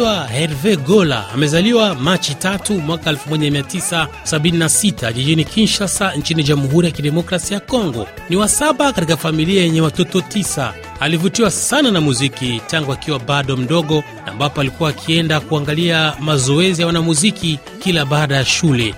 anaitwa Herve Gola, amezaliwa Machi tatu mwaka 1976 jijini Kinshasa nchini Jamhuri ya Kidemokrasia ya Kongo. Ni wa saba katika familia yenye watoto tisa. Alivutiwa sana na muziki tangu akiwa bado mdogo, ambapo alikuwa akienda kuangalia mazoezi ya wanamuziki kila baada ya shule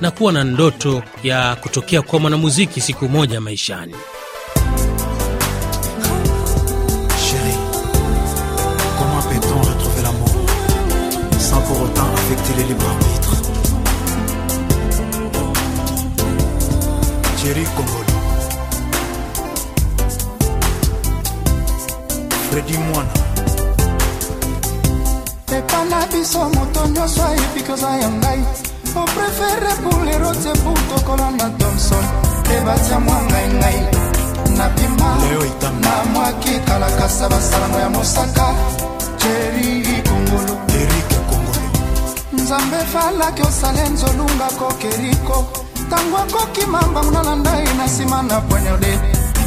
na kuwa na ndoto ya kutokea kuwa mwanamuziki siku moja maishani. libre arbitre. Thierry Congolo. Freddy Mwana. epa na biso moto nyonso ayebi koza ya ngai opréfere boulero te butokola na thomson mpe batia mwa ngai ngai na bima na mwa kikalakasa basalango ya mosaka jeri nzambe falaki osala enzolungako kokeriko ntango akoki mambanguna na ndai na nsima na poignarde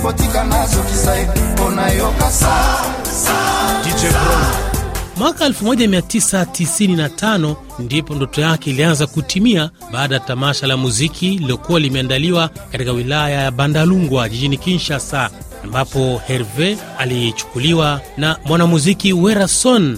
kotika nazokisa ye mpo nayoka mwaka 1995 ndipo ndoto yake ilianza kutimia baada ya tamasha la muziki lilokuwa limeandaliwa katika wilaya ya Bandalungwa jijini Kinshasa, ambapo Herve alichukuliwa na mwanamuziki Werason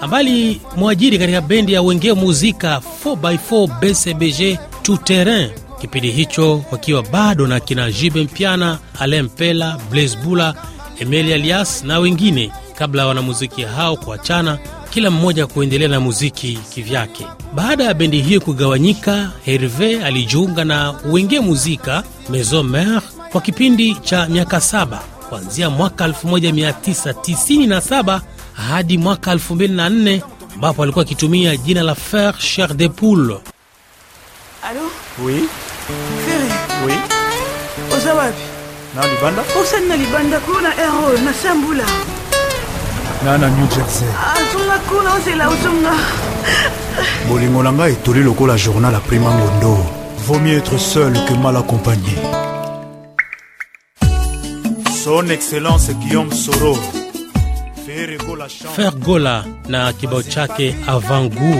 ambali mwajiri katika bendi ya Wenge Muzika 4x4 BCBG Tout Terrain, kipindi hicho wakiwa bado na kina Jibe Mpiana, Alain pela Blaise Bula, Emeli Alias na wengine, kabla ya wanamuziki hao kuachana kila mmoja kuendelea na muziki kivyake. Baada ya bendi hiyo kugawanyika, Herve alijiunga na Wenge Muzika Maison Mere kwa kipindi cha miaka saba kuanzia mwaka 1997 hadi mwaka 2004 ambapo alikuwa akitumia jina la Fer Cher de Poule. Allo? Oui. Oui. Oza wapi? Na Libanda? Osa na Libanda kuna ero na Sambula. Na na New Jersey. Azonga ah, kuna ozela ozonga. Bolingo na ngai etoli la journal prima mondo. Vaut mieux être seul que mal accompagné. Son Excellence Guillaume Soro Fer Gola na kibao chake Avangu.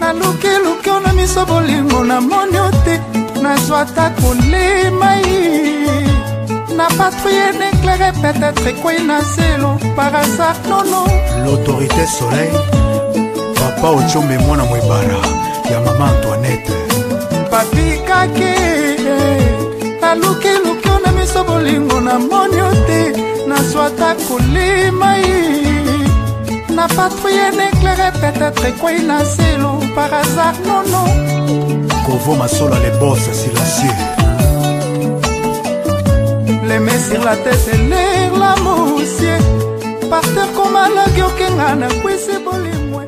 nalukiluki ona miso bolingo namoni yo te nazwa ata kolemai na patrie déclaré peut-être ekwei na zelo par hasard nono l'autorité soleil papa ochombe mwana mwebara ya mama antoinette papikaki nalukiluki ona miso bolingo namoni kota kolimai na patrouille n'éclairé peut-être ekwei na zelo par hasard nono kovo masolo le bos silencieux les mains sur la tête et l'air la moussier parter komalaki okenga na kwisi bolimwe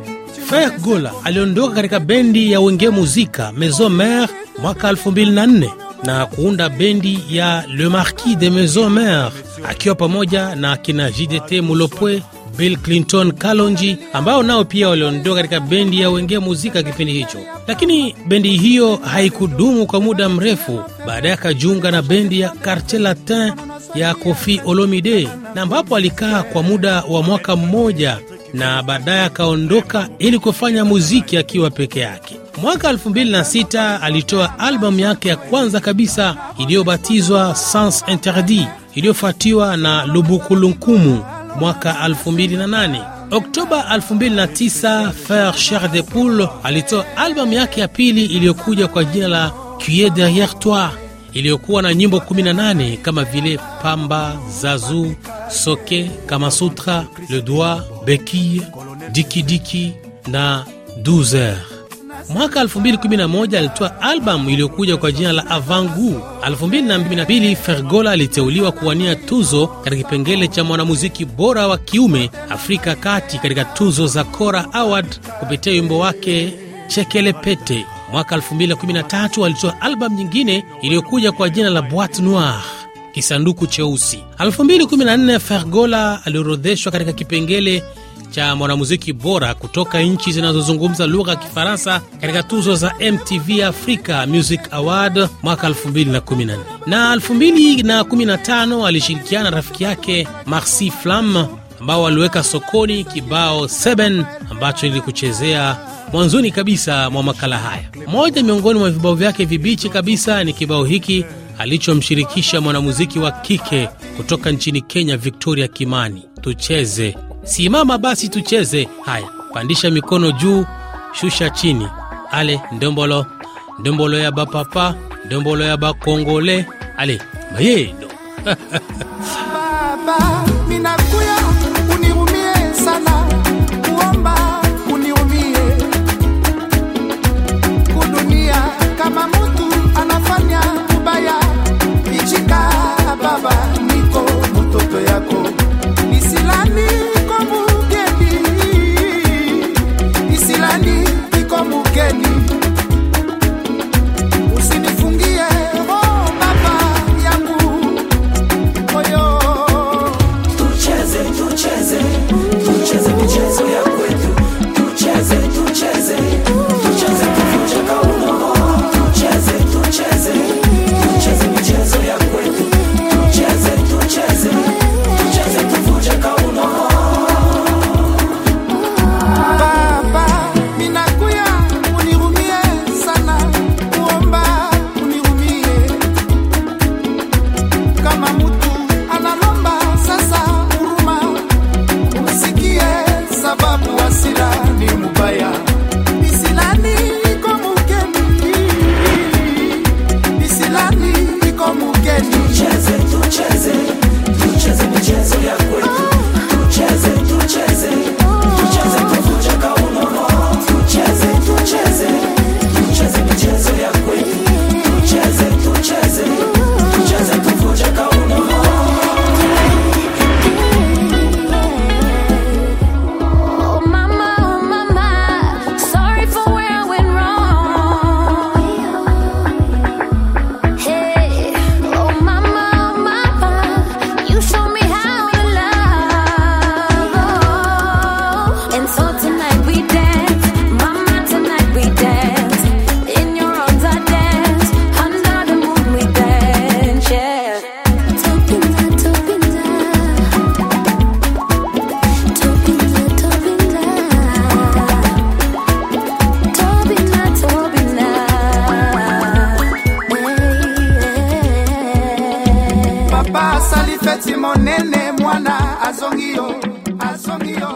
frère gola aliondoka katika bendi ya wenge muzika maison mare mwaka 2004 na kuunda bendi ya le marquis de maison mare akiwa pamoja na kina JDT Mulopwe, Bill Clinton Kalonji ambao nao pia waliondoka katika bendi ya Wenge Muzika kipindi hicho, lakini bendi hiyo haikudumu kwa muda mrefu. Baadaye akajiunga na bendi ya Quartier Latin ya Koffi Olomide na ambapo alikaa kwa muda wa mwaka mmoja na baadaye akaondoka ili kufanya muziki akiwa peke yake. Mwaka 2006 alitoa albamu yake ya kwanza kabisa iliyobatizwa Sans Interdit, iliyofuatiwa na Lubukulunkumu mwaka 2008. Oktoba 2009 Fer Cher de Poule alitoa albamu yake ya pili iliyokuja kwa jina la Cuier Derriere Toi iliyokuwa na nyimbo 18 kama vile Pamba, Zazu, soke, kamasutra, le doa, bekie, dikidiki na 12 heures. Mwaka 2011 alitoa albamu iliyokuja kwa jina la Avangu. 2012 Fergola aliteuliwa kuwania tuzo katika kipengele cha mwanamuziki bora wa kiume Afrika Kati katika tuzo za kora Award kupitia wimbo wake Chekelepete. Mwaka 2013 alitoa albamu nyingine iliyokuja kwa jina la Boîte Noire kisanduku cheusi. 2014 Fergola aliorodheshwa katika kipengele cha mwanamuziki bora kutoka nchi zinazozungumza lugha ya Kifaransa katika tuzo za MTV Africa Music Award mwaka 2014 na 2015 alishirikiana na rafiki yake Marcy Flam ambao waliweka sokoni kibao 7 ambacho ilikuchezea mwanzoni kabisa mwa makala haya. Moja miongoni mwa vibao vyake vibichi kabisa ni kibao hiki alichomshirikisha mwanamuziki wa kike kutoka nchini Kenya, Victoria Kimani. Tucheze, simama basi tucheze. Haya, pandisha mikono juu, shusha chini. Ale ndombolo ndombolo ya bapapa ndombolo ya bakongole ale mayendo monene mwana azongio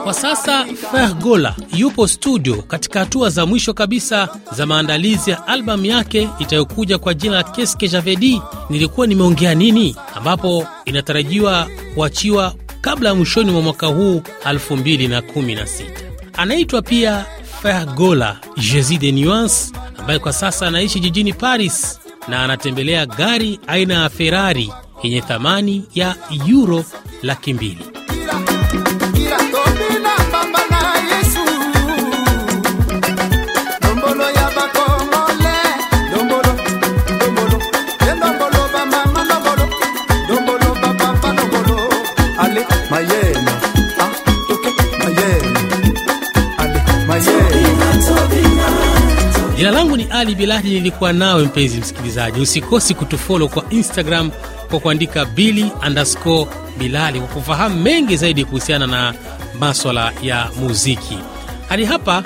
kwa sasa Fer Gola yupo studio katika hatua za mwisho kabisa za maandalizi ya albamu yake itayokuja kwa jina la Keske Javedi, nilikuwa nimeongea nini, ambapo inatarajiwa kuachiwa kabla ya mwishoni mwa mwaka huu 2016. Anaitwa pia Fer Gola Jesi de Nuance, ambaye kwa sasa anaishi jijini Paris na anatembelea gari aina ya Ferrari yenye thamani ya yuro laki mbili. langu ni Ali bilali nilikuwa nawe mpenzi msikilizaji. Usikosi kutufolo kwa Instagram kwa kuandika bili underscore bilali kwa kufahamu mengi zaidi kuhusiana na maswala ya muziki. Hadi hapa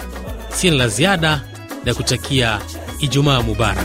sina la ziada na kutakia Ijumaa mubarak.